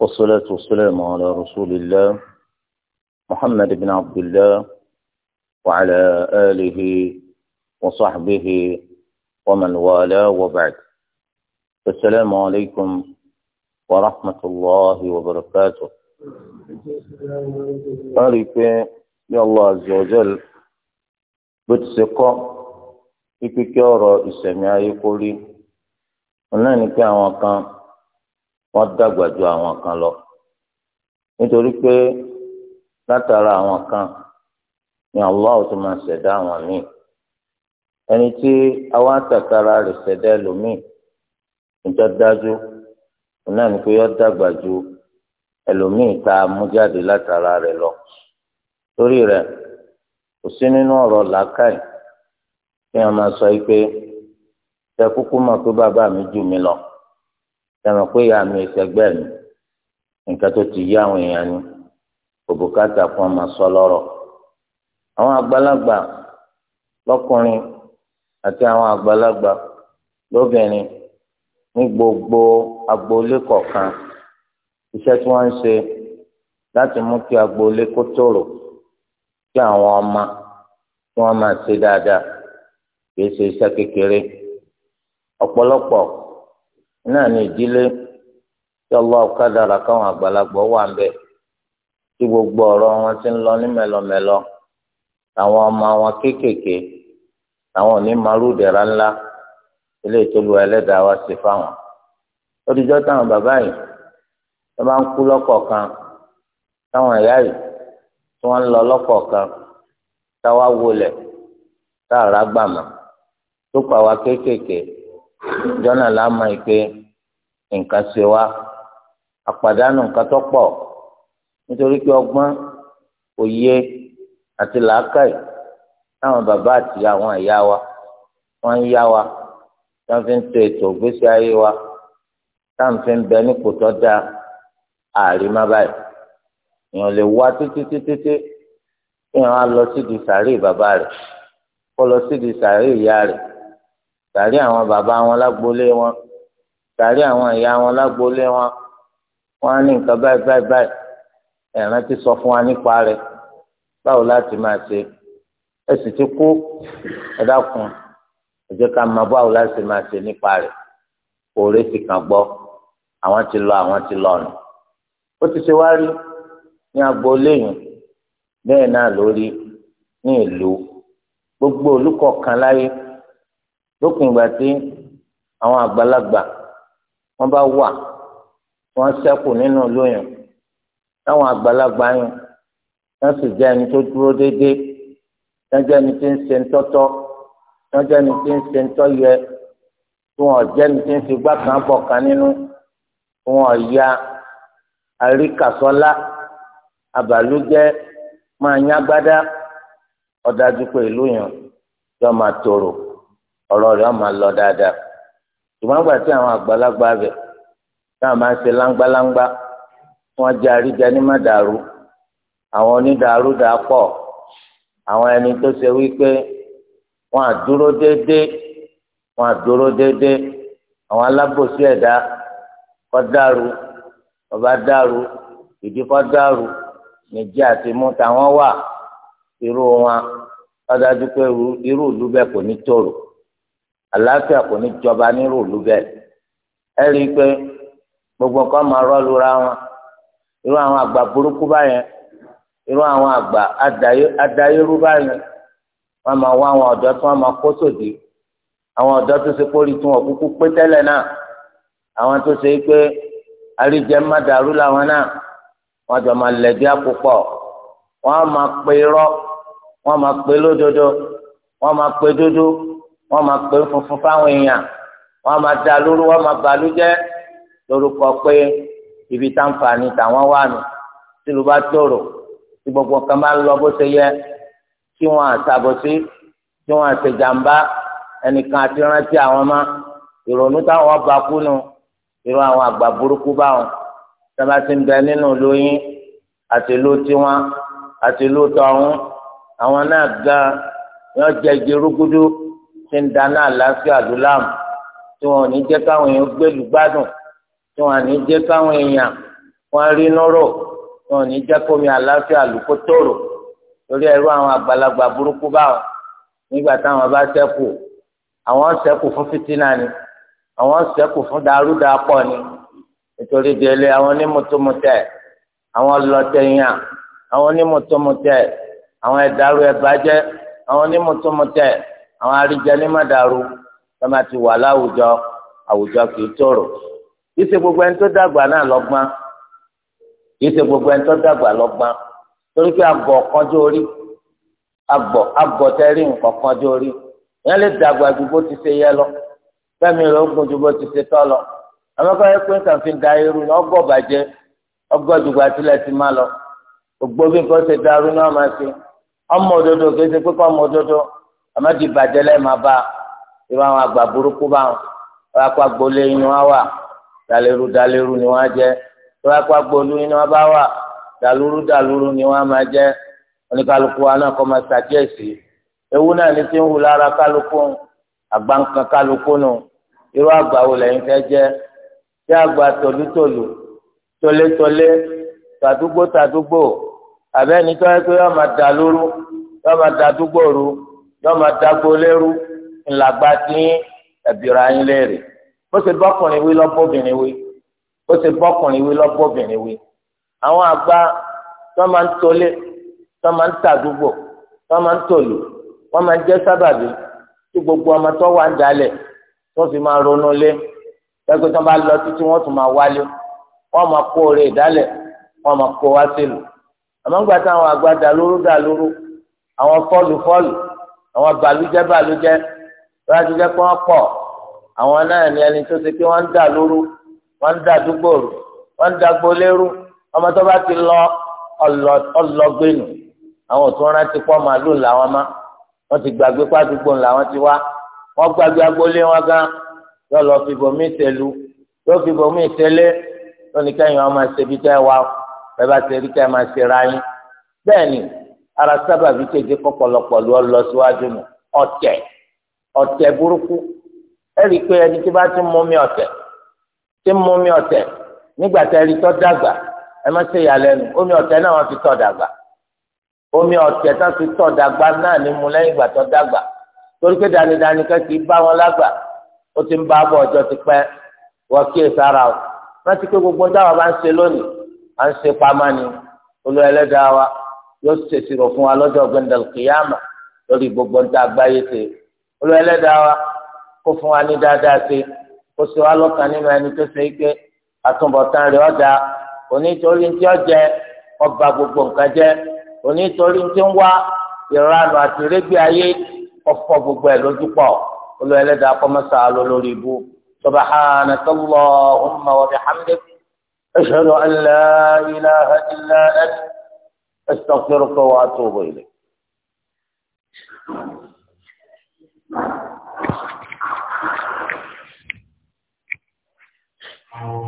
والصلاة والسلام على رسول الله محمد بن عبد الله وعلى آله وصحبه ومن والاه وبعد السلام عليكم ورحمة الله وبركاته أريك يا الله عز وجل بتسقى ikike ọrọ ìsẹmí ayé kórí ọlọ́nìkẹ́ wọ́n dàgbà ju àwọn kan lọ nítorí pé látara àwọn kan ni Allah tó máa ṣẹ̀dá àwọn míì ẹni tí àwa àtàkàrà rẹ̀ ṣẹ̀dá ẹlòmíì níjọ́ dájú náà ni pé yọ dàgbà ju ẹlòmíì tá a látara rẹ̀ lọ torí rẹ̀ kò sí nínú ọ̀rọ̀ làákàyè kí wọ́n máa sọ yìí pé ẹ kúkú mọ̀ pé bàbá mi jù mí lọ. tẹmọ pé ìyá mi ìṣẹgbẹ mi nǹkan tó ti yí àwọn èèyàn ni òbúkátà fún ọmọ sọ lọ́rọ̀ àwọn àgbàlagbà lọ́kùnrin àti àwọn àgbàlagbà lóbìnrin ní gbogbo agboolé kọ̀ọ̀kan iṣẹ́ tí wọ́n ń ṣe láti mú kí agboolé kó tòrò kí àwọn ọmọ kí wọ́n máa ṣe dáadáa kì í ṣe iṣẹ́ kékeré ọ̀pọ̀lọpọ̀. náà ní ìdílé tí Allah kádàrá káwọn àgbàlagbà wà ń bẹ̀ tí gbogbo ọ̀rọ̀ wọn ti ń lọ ní mẹlọmẹlọ àwọn ọmọ wọn kéékèèké àwọn òní marúdẹ̀ra ńlá ilé ìtòlú ẹlẹ́dàá wa fáwọn ó táwọn bàbá yìí wọ́n bá ń kú lọ́kọ̀ọ̀kan táwọn yìí tí wọ́n ń lọ lọ́kọ̀ọ̀kan táwa wọlé jọ́nà láàmà yìí pé nǹkan ṣe wá àpàdánù nǹkan tó pọ̀ nítorí pé ọgbọ́n òye àti làákàyè táwọn bàbá àti àwọn ìyá wa wọ́n ń yá wa tí wọ́n fi ń to ètò ìgbésí ayé wa táwọn fi ń bẹ nípò tó dáa àrímá báyìí èèyàn lè wá títí títí tí èèyàn á lọ sídìí sàárè bàbá rẹ̀ kó lọ sídìí sàárè ìyá rẹ̀ sàárì àwọn bàbá wọn lágboolé wọn sàárì àwọn ìyá wọn lágboolé wọn wọn á ní nǹkan báyìí báyìí báyìí ẹ̀ràn ti sọ fún wa nípa rẹ̀ báwo láti máa ṣe ẹ sì ti kú ẹ dákun ẹ jẹ́ ká máa báwo láti máa ṣe nípa rẹ̀ òòrè ti kàn gbọ́ àwọn ti lọ àwọn ti lọ nù ó ti ṣe wá ní agboolé yìí bẹ́ẹ̀ náà lórí ní ìlú gbogbo olùkọ̀ọ̀kan láyé lópin ìgbà tí àwọn àgbàlagbà wọn bá wà wọn ṣẹ́kù nínú lóyún táwọn àgbàlagbà yẹn wọn sì jẹ́ ẹni tó dúró déédéé wọn jẹ́ ẹni tí ń ṣe ń tọ́tọ́ wọn jẹ́ ẹni tí ń ṣe ń tọ́yẹ wọn ò ẹni tí ń fi gbàkan bọ̀ kan nínú wọn ya àríkàsọ́lá àbàlújẹ́ máa yán gbádá ọ̀dájú pé ìlú yẹn yọ máa tòrò ọ̀rọ̀ rẹ̀ ọmọ lọ dáadáa ṣùgbọ́n gbà tí àwọn àgbàlagbà bẹ̀ táwọn máa ń ṣe láńgbáláńgbá wọn jẹ́ àríjẹ ní má dàrú àwọn onídàárú dàá pọ̀ àwọn ẹni tó ṣe wípé wọn àdúró déédéé wọn àdúró déédéé àwọn alábòsí ẹ̀dá kọ́ dàrú ọba dàrú ìdí kọ́ dàrú nìjẹ́ àti mú táwọn wà irú wọn ọ̀dájú pé irú ìlú bẹ́ẹ̀ kò ní tòrò àlàáfíà kò ní jọba nírú ìlú bẹ́ẹ̀ ẹ rí i pé gbogbo nǹkan máa rọ́ọ̀lù ra wọn irú àwọn àgbà burúkú báyẹn irú àwọn àgbà adayérú báyẹn wọn máa wá àwọn ọ̀dọ́ tí wọ́n máa kó sòdì àwọn ọ̀dọ́ tó ṣe kórìí tí wọ́n pé tẹ́lẹ̀ náà àwọn tó ṣe pé àríjẹ má làwọn náà wọ́n jọ máa lẹ̀dí àpòpọ̀ wọ́n máa pe irọ́ wọ́n máa pe lódodo wọ́n máa pe dúdú wọ́n máa pè funfun fáwọn èèyàn wọ́n máa da lóru wọ́n máa balùjẹ́ lórúkọ pé ibi táǹfààní tàwọn wà nù tí ló bá tòrò tí gbogbo kan bá ń lọ bó ṣe yẹ kí wọ́n àṣàbòsí kí wọ́n àṣejàmbá ẹnìkan àti rántí àwọn má ìrònú táwọn bá kú nù irú àwọn àgbà burúkú báwọn sábà ti ń bẹ nínú lóyún àti ló tiwọn àti ló tọ̀hún àwọn náà gan yọ jẹ ìgbérúgudu tí ń dáná àlàáfíà ló láàmú tí wọn ò ní jẹ́ káwọn èèyàn gbèlú gbádùn tí wọn ò ní jẹ́ káwọn èèyàn wọn rí nọ́rọ̀ tí wọn ò ní jẹ́ kómi àlàáfíà ló kó tòrò torí ẹrú àwọn àgbàlagbà burúkú báwọn nígbà táwọn bá ṣẹ́kù àwọn ṣẹ́kù fún fìtínà ni àwọn ṣẹ́kù fún darúdàpọ̀ ni nítorí délé àwọn onímùtúmùtẹ̀ àwọn lọ́tẹ̀yàn àwọn onímùtúmùtẹ̀ àwọn ẹ̀dàrú ẹ̀bàjẹ́ àwọn onímùtúmùtẹ̀ àwọn àríjẹ ní mọ̀dàrú tọ́mà ti wà láwùjọ àwùjọ kì í tòrò kì ṣe gbogbo ẹni tó dàgbà náà lọ́gbọ́n kì ẹni tó dàgbà lọ́gbọ́n torí pé àgọ̀ kánjú orí àgọ̀ àgọ̀ orí ìyẹn lè dàgbà ju bó ti ṣe yẹ lọ fẹ́mi rẹ̀ ó gùn ju bó ti ṣe lọ àwọn akọ́yẹ lọ bí nǹkan ṣe darú náà àmọ́ di bàjẹ́ lẹ́ẹ̀ máa bá irú àwọn àgbà burúkú bá wọn wọ́n akọ agboolé yín wọ́n wà dàlérú dàlérú ni wọ́n jẹ́ wọ́n akọ agboolé yín wọ́n bá wà dàlúrú dàlúrú ni wọ́n máa jẹ́ oníkálukú wa náà kọ́ máa ṣàkíyèsí ewu náà ní ti ń wù lára kálukú àgbàǹkan kálukú nù irú àgbà wo lẹ́yìn fẹ́ jẹ́ tí àgbà tòlútòlù tólétólé tàdúgbò tàdúgbò àbẹ́ni tó yẹ kó yọ máa dàlúrú yọ máa dàdúgbò rú yóò máa dágbó lérú ńlágbá tí ẹ̀bìrà yín léèrè bó ṣe bọ́kùnrin wí lọ́bọ̀bìnrin wí bó ṣe bọ́kùnrin wí lọ́bọ̀bìnrin wí àwọn àgbà tó máa ń tolé tó máa ń tàdúgbò tó máa ń tòlù wọ́n máa ń jẹ́ sábàbí tí gbogbo ọmọ tó wà ń dalẹ̀ tó fi máa ronú lé ẹgbẹ́ tó bá lọ títí wọ́n tún máa wálé wọ́n máa kó oore ìdálẹ̀ wọ́n máa kó wá sílùú àmọ́ ń gbà táwọn àgbà dàlúrú dàlúrú àwọn fọ́ọ̀lù fọ́ọ̀lù àwọn balùjẹ́ balùjẹ́ lọ́wọ́dún jẹ́ pé wọ́n pọ̀ àwọn náà ní ẹni tó ṣe pé wọ́n ń dà lóru wọ́n ń dà dúgbò rú wọ́n ń dà gbolérú ọmọ tó bá ti lọ ọlọgbẹ́nu àwọn ò tún rántí pọ́ màálù làwọn má wọ́n ti gbàgbé pàdúgbò làwọn ti wá wọ́n gbàgbé agbolé wọn gan yóò lọ fi bòmí ìṣèlú yóò fi bòmí ìṣẹlẹ lónìí kẹyìn ọmọ ìṣèbí tẹ wá bẹ́ẹ̀ bá ṣe rí kẹ máa ṣe ra yín bẹ́ẹ̀ ni ara sábàbí tó jẹ́ kọ́pọ̀lọpọ̀ ló lọ síwájú mu ọ̀tẹ̀ ọ̀tẹ̀ burúkú ẹ̀rí pé ẹni tí bá ti mú mi ọ̀tẹ̀ tí mú mi ọ̀tẹ̀ nígbà tá ẹni tó dàgbà ẹ má ṣe ìyàlẹ́nu omi ọ̀tẹ̀ náà wọ́n fi tọ́ dàgbà omi ọ̀tẹ̀ tó fi tọ́ dàgbà náà ni mu lẹ́yìn ìgbà tó dàgbà torí pé dánidáni kan kì í bá wọn lágbà ó ti ń bá bọ̀ ọjọ́ ti pẹ́ wọ́n kíyè sára o rántí pé gbogbo táwọn bá ń ṣe lónìí à ń ṣe pamá ni olú ẹlẹ́dàá wa yóò ṣèṣì rò fún wa lọ́jọ́ gbẹ̀ndàl kìyàmà lórí gbogbo ntá àgbáyé ṣe olú ẹlẹ́dàá wa kó fún wa ní dáadáa ṣe kó ṣe wá lọ́kàn nínú ẹni tó ṣe é pé àtúbọ̀tán rẹ̀ ọ̀dà onítorí ntí ọ̀jẹ̀ ọba gbogbo nǹkan jẹ́ onítorí ntí ń wá ìranù àti régbé ayé ọ̀fọ̀ gbogbo ẹ̀ lójú pọ̀ olú ẹlẹ́dàá lọ lórí ibú subhanaka Allahumma wa bihamdik ashhadu أستغفرك وأتوب إليك